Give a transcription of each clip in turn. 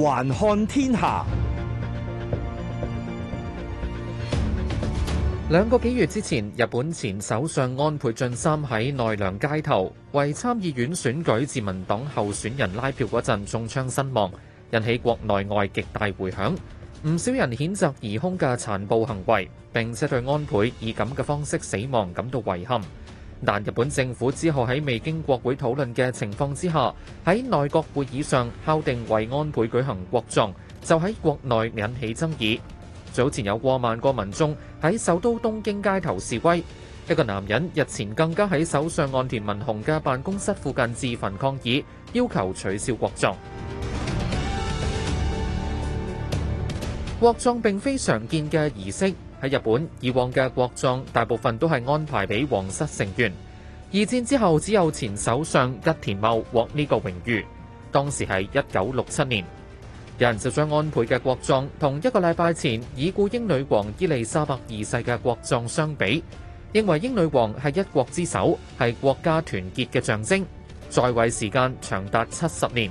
環看天下。兩個幾月之前，日本前首相安倍晉三喺奈良街頭為參議院選舉自民黨候選人拉票嗰陣中槍身亡，引起國內外極大迴響。唔少人譴責疑兇嘅殘暴行為，並且對安倍以咁嘅方式死亡感到遺憾。但日本政府之後喺未經國會討論嘅情況之下，喺內閣會議上敲定為安倍舉行國葬，就喺國內引起爭議。早前有過萬個民眾喺首都東京街頭示威，一個男人日前更加喺首相岸田文雄嘅辦公室附近自焚抗議，要求取消國葬。國葬並非常見嘅儀式。喺日本，以往嘅國葬大部分都係安排俾皇室成員。二戰之後，只有前首相吉田茂獲呢個榮譽。當時係一九六七年，有人就將安倍嘅國葬同一個禮拜前已故英女王伊麗莎白二世嘅國葬相比，認為英女王係一國之首，係國家團結嘅象徵，在位時間長達七十年。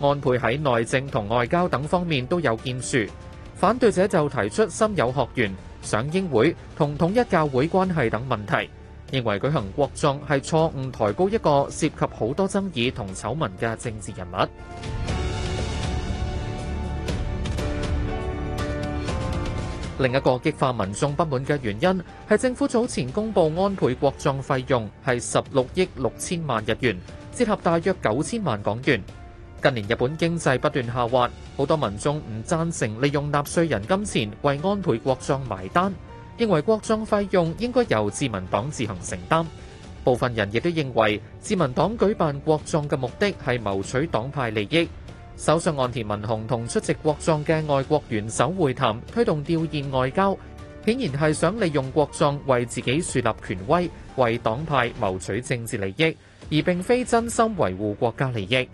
安倍喺內政同外交等方面都有建樹，反對者就提出森友學園、賞櫻會同統一教會關係等問題，認為舉行國葬係錯誤，抬高一個涉及好多爭議同醜聞嘅政治人物。另一個激化民眾不滿嘅原因係政府早前公布安倍國葬費用係十六億六千萬日元，折合大約九千萬港元。近年日本經濟不斷下滑，好多民眾唔贊成利用納稅人金錢為安倍國葬埋單，認為國葬費用應該由自民黨自行承擔。部分人亦都認為自民黨舉辦國葬嘅目的係謀取黨派利益。首相岸田文雄同出席國葬嘅外國元首會談，推動弔唁外交，顯然係想利用國葬為自己樹立權威，為黨派謀取政治利益，而並非真心維護國家利益。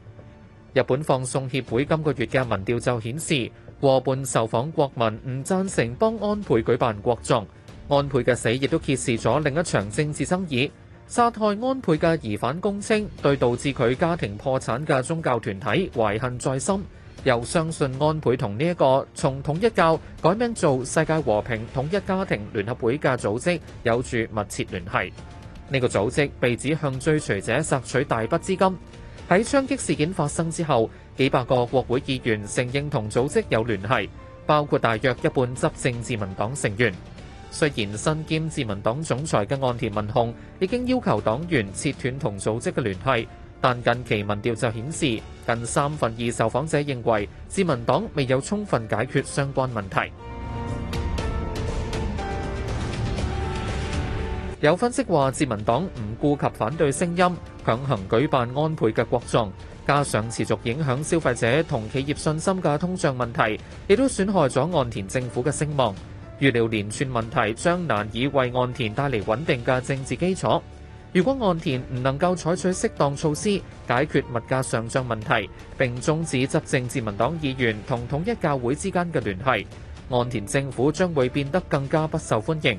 日本放送協會今個月嘅民調就顯示，過半受訪國民唔贊成幫安倍舉辦國葬。安倍嘅死亦都揭示咗另一場政治爭議。殺害安倍嘅疑犯供稱對導致佢家庭破產嘅宗教團體懷恨在心，又相信安倍同呢一個從統一教改名做世界和平統一家庭聯合會嘅組織有住密切聯繫。呢個組織被指向追隨者索取大筆資金。喺槍擊事件發生之後，幾百個國會議員承認同組織有聯繫，包括大約一半執政自民黨成員。雖然身兼自民黨總裁嘅岸田文雄已經要求黨員切斷同組織嘅聯繫，但近期民調就顯示近三分二受訪者認為自民黨未有充分解決相關問題。有分析話，自民黨唔顧及反對聲音，強行舉辦安倍嘅國葬，加上持續影響消費者同企業信心嘅通脹問題，亦都損害咗岸田政府嘅聲望。預料連串問題將難以為岸田帶嚟穩定嘅政治基礎。如果岸田唔能夠採取適當措施解決物價上漲問題，並終止執政自民黨議員同統一教會之間嘅聯繫，岸田政府將會變得更加不受歡迎。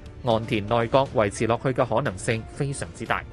岸田內閣維持落去嘅可能性非常之大。